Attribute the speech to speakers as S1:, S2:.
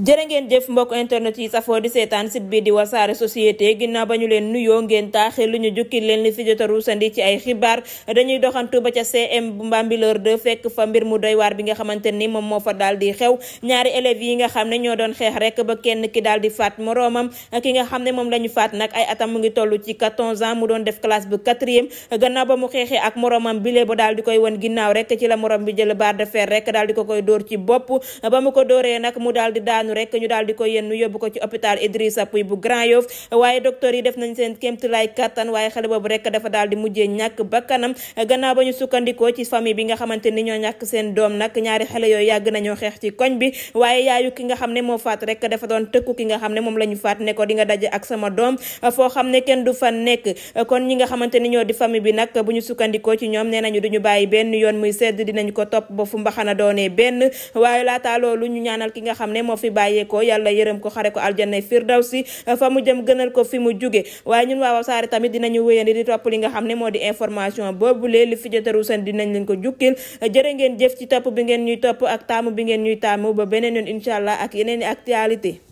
S1: jërë ngeen jëf mbokk internet yi safoo di seetaan site bi di wasaare société ginnaaw ba ñu leen nuyoo ngeen taaxi lu ñu jukki leen li fi a ruusandi ci ay xibaar dañuy doxantu ba ca CM bu Bambilor 2 fekk fa mbir mu doy waar bi nga xamante ni moom moo fa daal di xew ñaari élèves yi nga xam ne ñoo doon xeex rek ba kenn ki daal di faat moroomam ki nga xam ne moom la ñu faat nag ay atam mu ngi toll ci 14 ans mu doon def classe bu quatrième gannaaw ba mu xeexee ak moroomam bile ba daal di koy won ginnaaw rek ci la moroom bi jël barre de fer rek daal di koy dóor ci bopp daanu rek ñu daal di ko yenn yóbbu ko ci hôpital Idrissa Pouye bu Grand Yoff waaye docteur yi def nañ seen kéemtulaay kattan waaye xale boobu rek dafa daal mujjee ñàkk bakkanam gannaaw ba ñu sukkandikoo ci famille bi xeex ci koñ bi waaye yaayu ki nga xam ne moo faat rek dafa doon tëkku ki nga xam ne moom la ñu faat ne ko di nga daje ak foo xam ne kenn fa nekk kon ñi nga xamante ni ñoo di famille bi nag bu ñu sukkandikoo ci ñoom nee nañu duñu bàyyi benn yoon muy sedd dinañu ko topp ba fu mbaxana doonee benn waaye laata loolu ñu ñaanal ki nga xam ne moo fi ko yàlla yërëm ko xare ko aljanna firdawsi fa mu jëm gënal ko fi mu jóge waaye ñun waa Wassare tamit dinañu wéyandi di topp li nga xam ne moo di information boobulee li fi jotaru seen dinañ leen ko jukkil jëre ngeen jëf ci topp bi ngeen ñuy topp ak taamu bi ngeen ñuy taamu ba beneen yoon incha allah ak yeneen i actualité